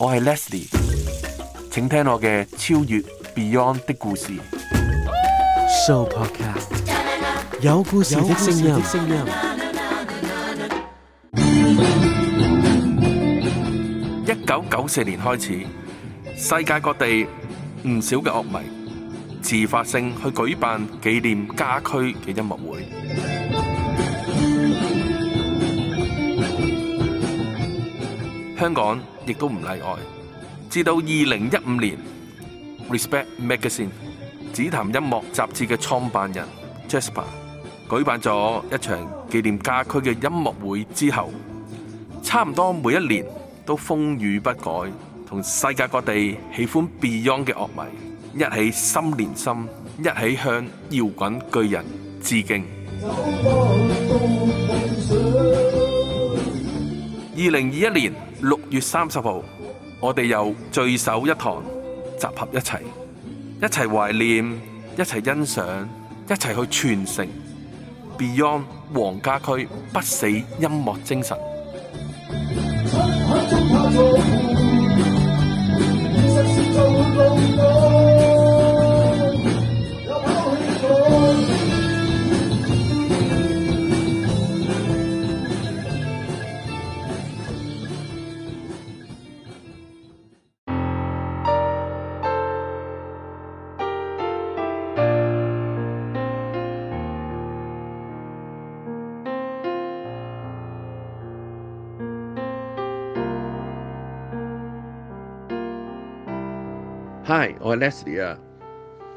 我係 Leslie，請聽我嘅超越 Beyond 的故事 Show Podcast，有故事的聲音。一九九四年開始，世界各地唔少嘅樂迷自發性去舉辦紀念家駒嘅音樂。香港亦都唔例外。至到二零一五年，Respect Magazine《紫檀音樂雜誌》嘅創辦人 Jasper 舉辦咗一場紀念家駒嘅音樂會之後，差唔多每一年都風雨不改，同世界各地喜歡 Beyond 嘅樂迷一起心連心，一起向搖滾巨人致敬。二零二一年六月三十號，我哋又聚首一堂，集合一齊，一齊懷念，一齊欣賞，一齊去傳承 Beyond 黃家駒不死音樂精神。Hi，我係 Leslie 啊，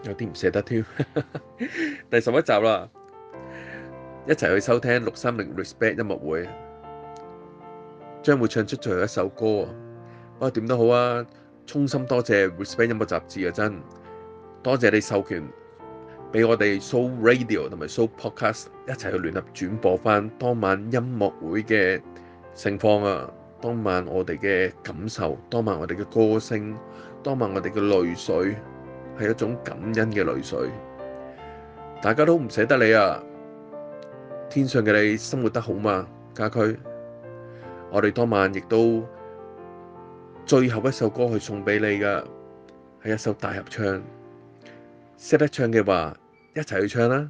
有啲唔捨得添。 第十一集啦，一齊去收聽六三零 Respect 音樂會，將會唱出最後一首歌啊！哇、哎，點都好啊，衷心多謝 Respect 音樂雜誌啊，真多謝你授權俾我哋 Show Radio 同埋 Show Podcast 一齊去聯合轉播翻當晚音樂會嘅盛況啊！當晚我哋嘅感受，當晚我哋嘅歌聲。當晚我哋嘅淚水係一種感恩嘅淚水，大家都唔捨得你啊！天上嘅你生活得好嘛？家駒，我哋當晚亦都最後一首歌去送俾你㗎，係一首大合唱，識得唱嘅話一齊去唱啦！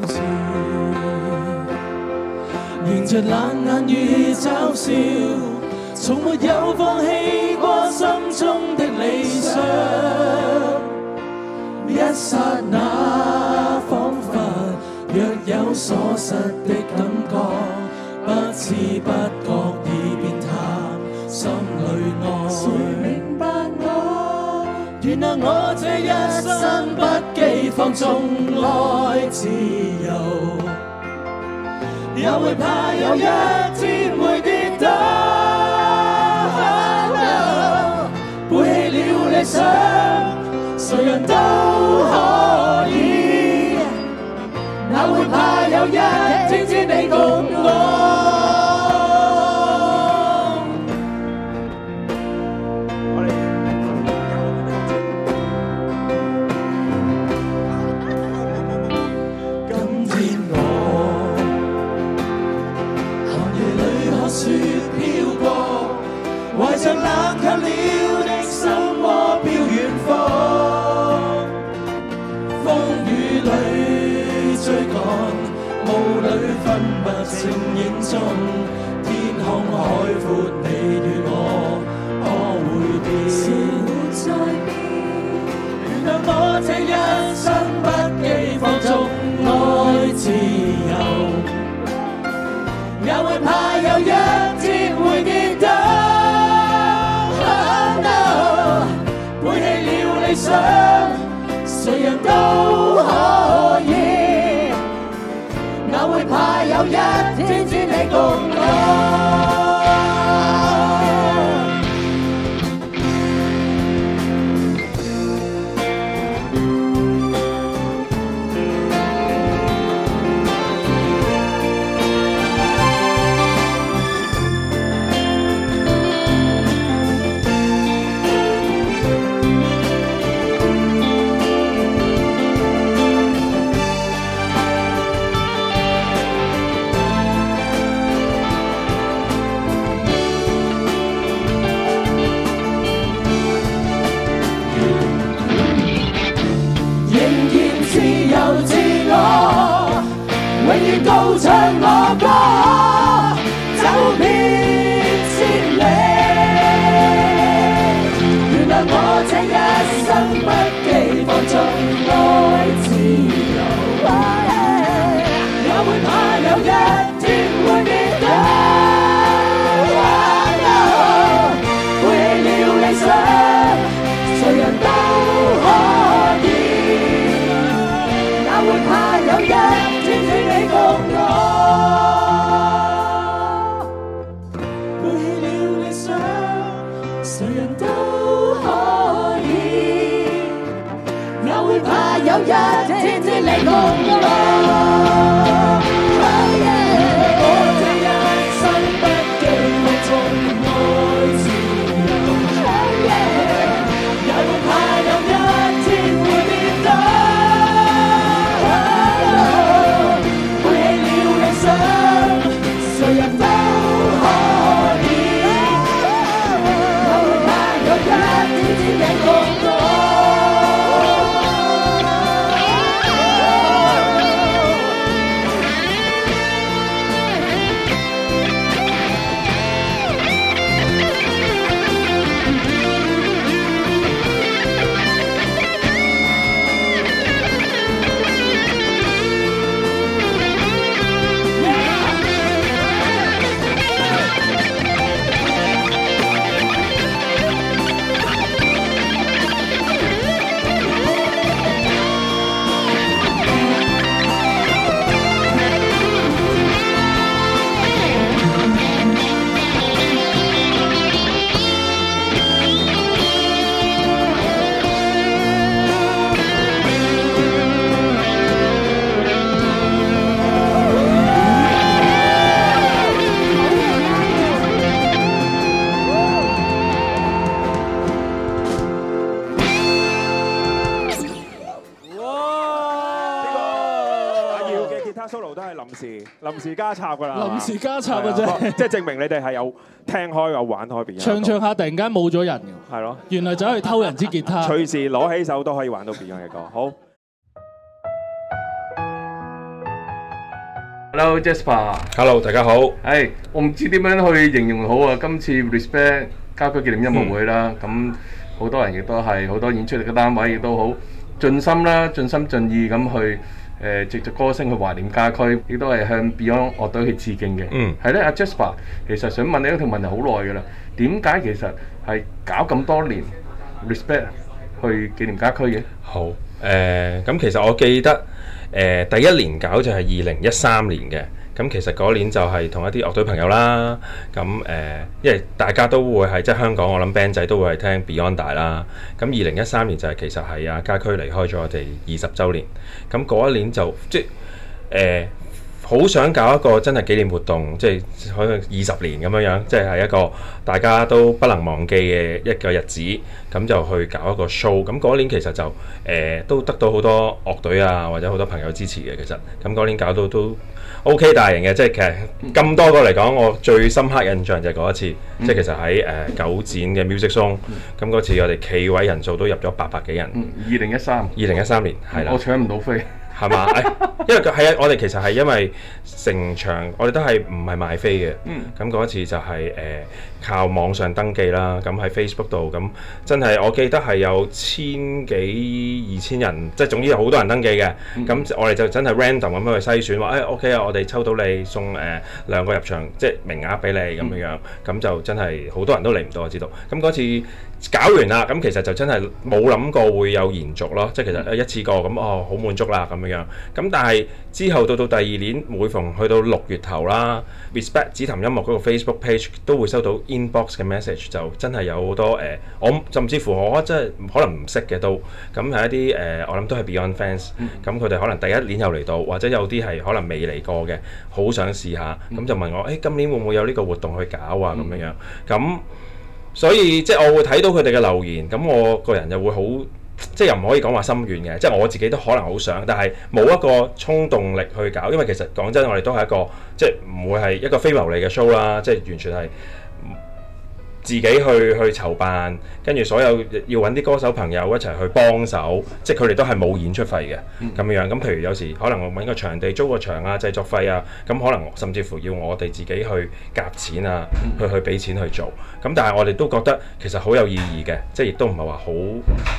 著冷眼與嘲笑，從沒有放棄過心中的理想。一剎那彷彿若有所失的感覺，不知不覺已變淡。心裏愛，誰明白我？原諒我這一生不羈放縱愛自由。也會怕有一天會跌倒，背棄了理想，誰人都可以，也會怕有一天。卻了的心窩飄遠方，風雨裏追趕，霧裏分不清影蹤，天空海闊。誰人都可以，哪會怕有一天？誰人都可以，哪會怕有一天只你共我？都係臨時臨時加插噶啦，臨時加插嘅啫，即係證明你哋係有聽開有玩開別人。唱唱下突然間冇咗人，係咯，原來走去偷人支吉他。隨時攞起手都可以玩到別樣嘅歌。好，Hello Jasper，Hello 大家好。誒，我唔知點樣去形容好啊！今次 Respect 家駒紀念音樂會啦，咁好多人亦都係好多演出嚟嘅單位亦都好盡心啦，盡心盡意咁去。誒，藉著歌聲去懷念家駒，亦都係向 Beyond 樂隊去致敬嘅。嗯，係咧，阿 Jasper，其實想問你一條問題好耐㗎喇，點解其實係搞咁多年 respect 去紀念家駒嘅？好，誒，咁其實我記得誒，第一年搞就係二零一三年嘅。咁其實嗰年就係同一啲樂隊朋友啦。咁誒、呃，因為大家都會係即係香港，我諗 band 仔都會係聽 Beyond 大啦。咁二零一三年就係、是、其實係阿家駒離開咗我哋二十週年。咁嗰一年就即係好、呃、想搞一個真係紀念活動，即係可能二十年咁樣樣，即係係一個大家都不能忘記嘅一個日子。咁就去搞一個 show。咁嗰年其實就誒、呃、都得到好多樂隊啊，或者好多朋友支持嘅。其實咁嗰年搞到都～O、OK、K，大型嘅即係其實咁多個嚟講，我最深刻印象就係嗰一次，嗯、即係其實喺誒、呃、九展嘅 Music Song 咁嗰次我哋企位人數都入咗八百幾人。二零一三。二零一三年，係啦、嗯。的我搶唔到飛，係嘛吧、 哎？因為係啊，我哋其實係因為成場，我哋都係唔係賣飛嘅。嗯，咁嗰一次就係、是、誒。呃靠網上登記啦，咁喺 Facebook 度，咁真係我記得係有千幾二千人，即係總之有好多人登記嘅。咁、嗯、我哋就真係 random 咁樣去篩選，話誒、哎、OK 啊，我哋抽到你送誒、呃、兩個入場即係名額俾你咁樣樣，咁、嗯、就真係好多人都嚟唔到，我知道。咁嗰次搞完啦，咁其實就真係冇諗過會有延續咯，即係其實一次過咁哦，好滿足啦咁樣樣。咁但係之後到到第二年，每逢去到六月頭啦，Respect 紫檀音樂嗰個 Facebook page 都會收到。Inbox 嘅 message 就真係有好多誒、呃，我甚至乎我，我真係可能唔識嘅都，咁係一啲誒、呃，我諗都係 Beyond fans，咁佢哋可能第一年又嚟到，或者有啲係可能未嚟過嘅，好想試下，咁、嗯、就問我，誒、欸、今年會唔會有呢個活動去搞啊？咁樣、嗯、樣，咁所以即係我會睇到佢哋嘅留言，咁我個人又會好，即係又唔可以講話心願嘅，即係我自己都可能好想，但係冇一個衝動力去搞，因為其實講真，我哋都係一個即係唔會係一個非牟利嘅 show 啦，即係完全係。自己去去籌辦，跟住所有要揾啲歌手朋友一齊去幫手，即係佢哋都係冇演出費嘅咁樣。咁譬如有時可能我揾個場地租個場啊，製作費啊，咁可能甚至乎要我哋自己去夾錢啊，去去俾錢去做。咁但係我哋都覺得其實好有意義嘅，即係亦都唔係話好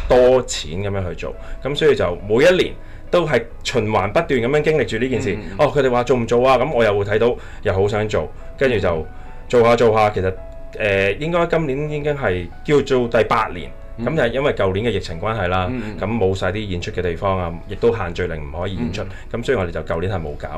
多錢咁樣去做。咁所以就每一年都係循環不斷咁樣經歷住呢件事。哦，佢哋話做唔做啊？咁我又會睇到，又好想做，跟住就做下做下，其實。誒、呃、應該今年應該係叫做第八年，咁、嗯、就係因為舊年嘅疫情關係啦，咁冇晒啲演出嘅地方啊，亦都限聚令唔可以演出，咁、嗯、所以我哋就舊年係冇搞。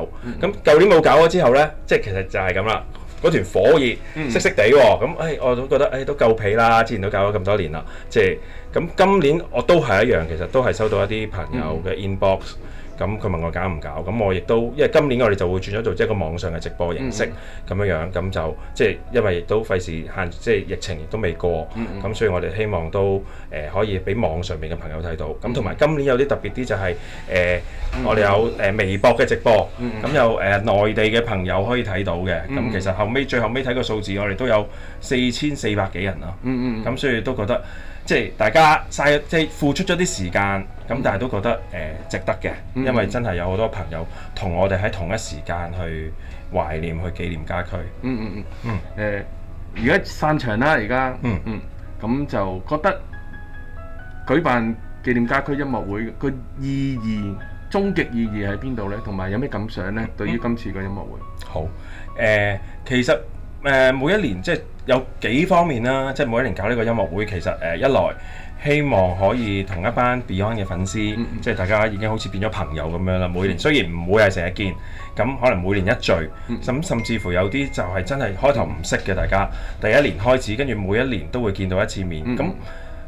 咁舊、嗯、年冇搞咗之後呢，即係其實就係咁啦，嗰團火熱、嗯、色色地喎、哦，咁誒、哎、我都覺得誒、哎、都夠皮啦，之前都搞咗咁多年啦，即係咁今年我都係一樣，其實都係收到一啲朋友嘅 inbox、嗯。嗯咁佢問我搞唔搞？咁我亦都，因為今年我哋就會轉咗做即係一個網上嘅直播形式咁樣、嗯嗯、樣，咁就即係因為亦都費事限，即係疫情亦都未過，咁、嗯嗯、所以我哋希望都誒可以俾網上面嘅朋友睇到。咁同埋今年有啲特別啲就係、是、誒、呃嗯嗯、我哋有誒微博嘅直播，咁、嗯嗯、有誒、呃、內地嘅朋友可以睇到嘅。咁、嗯嗯、其實後尾最後尾睇個數字，我哋都有四千四百幾人咯。咁、嗯嗯嗯、所以都覺得即係大家嘥即係付出咗啲時間。咁但係都覺得誒、呃、值得嘅，因為真係有好多朋友同我哋喺同一時間去懷念、去紀念家駒。嗯嗯嗯嗯。誒、嗯，而、嗯、家、嗯呃、散場啦，而家。嗯嗯。咁、嗯、就覺得舉辦紀念家駒音樂會，個意義、終極意義喺邊度呢？同埋有咩感想呢？對於今次個音樂會。嗯、好。誒、呃，其實。誒、呃、每一年即係有幾方面啦、啊，即係每一年搞呢個音樂會，其實誒、呃、一來希望可以同一班 Beyond 嘅粉絲，嗯、即係大家已經好似變咗朋友咁樣啦。每年雖然唔會係成日見，咁可能每年一聚，咁甚，甚至乎有啲就係真係開頭唔識嘅大家，第一年開始，跟住每一年都會見到一次面，咁、嗯、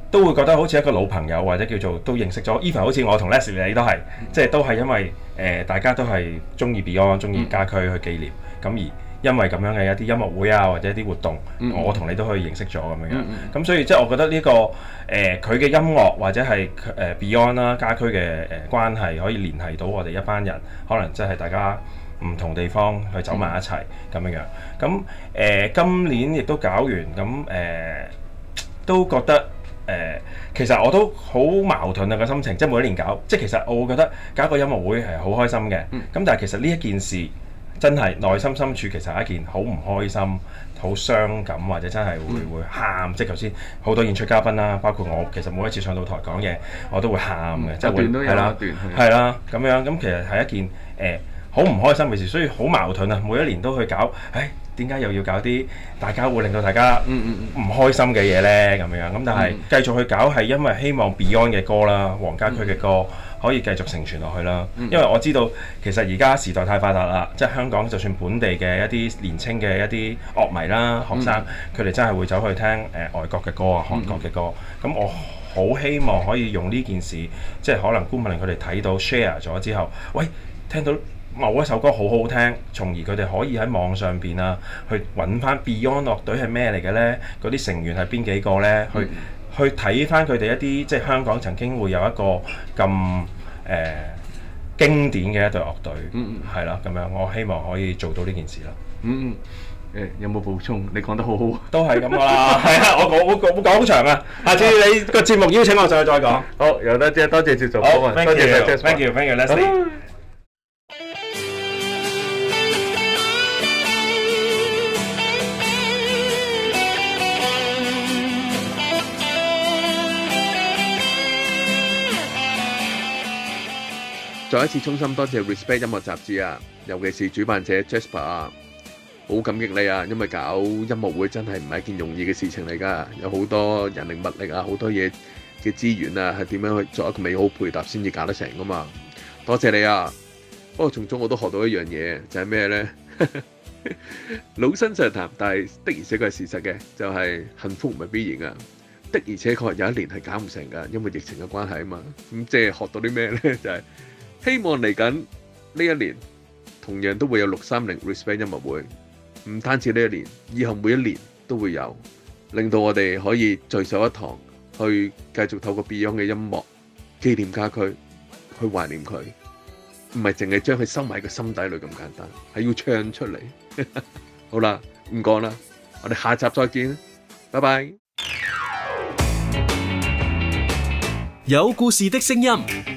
都會覺得好似一個老朋友或者叫做都認識咗。Even 好似我同 Leslie 都係，即係都係因為誒、呃、大家都係中意 Beyond，中意家駒去紀念咁而。因為咁樣嘅一啲音樂會啊，或者一啲活動，嗯、我同你都可以認識咗咁、嗯、樣。咁、嗯、所以即係我覺得呢、這個誒佢嘅音樂或者係誒、呃、Beyond 啦、啊、家駒嘅誒關係，可以聯繫到我哋一班人，可能即係大家唔同地方去走埋一齊咁樣樣。咁誒、呃、今年亦都搞完，咁誒、呃、都覺得誒、呃、其實我都好矛盾啊、這個心情，即係每一年搞，即係其實我會覺得搞個音樂會係好開心嘅。咁、嗯、但係其實呢一件事。真係內心深處其實係一件好唔開心、好傷感或者真係會、嗯、會喊，即係頭先好多演出嘉賓啦，包括我，其實每一次上到台講嘢我都會喊嘅，嗯、即係會係啦，係、嗯、啦咁樣咁其實係一件誒好唔開心嘅事，所以好矛盾啊！每一年都去搞，誒點解又要搞啲大家會令到大家唔開心嘅嘢呢？咁樣咁但係繼續去搞係因為希望 Beyond 嘅歌啦、黃家駒嘅歌。嗯可以繼續承傳落去啦，因為我知道其實而家時代太發達啦，即係香港就算本地嘅一啲年青嘅一啲樂迷啦、學生，佢哋、嗯、真係會走去聽誒、呃、外國嘅歌啊、韓國嘅歌。咁、嗯、我好希望可以用呢件事，即係可能觀眾佢哋睇到 share 咗之後，喂，聽到某一首歌好好聽，從而佢哋可以喺網上邊啊，去揾翻 Beyond 樂隊係咩嚟嘅呢？嗰啲成員係邊幾個呢？嗯、去。去睇翻佢哋一啲，即係香港曾經會有一個咁誒、呃、經典嘅一隊樂隊，係啦咁樣，我希望可以做到呢件事啦。嗯誒、嗯欸，有冇補充？你講得好好，都係咁噶啦，係啊， 我講我講好長啊，下次你個節目邀請我上去再講。 好，又得啫，多謝節目夥伴，好多謝多謝，thank you，thank you，let's。再一次衷心多謝 Respect 音樂雜誌啊，尤其是主辦者 Jasper 啊，好感激你啊！因為搞音樂會真係唔係一件容易嘅事情嚟噶，有好多人力物力啊，好多嘢嘅資源啊，係點樣去做一個美好配搭先至搞得成噶嘛？多謝你啊！不過從中我都學到一樣嘢，就係、是、咩呢？ 老生常談，但係的而且確係事實嘅，就係、是、幸福唔係必然啊！的而且確有一年係搞唔成噶，因為疫情嘅關係啊嘛。咁即係學到啲咩呢？就係、是。希望嚟緊呢一年，同樣都會有六三零 Respect 音樂會，唔單止呢一年，以後每一年都會有，令到我哋可以聚首一堂，去繼續透過 Beyond 嘅音樂紀念家駒，去懷念佢，唔係淨係將佢收埋喺個心底裏咁簡單，係要唱出嚟。好啦，唔講啦，我哋下集再見，拜拜。有故事的聲音。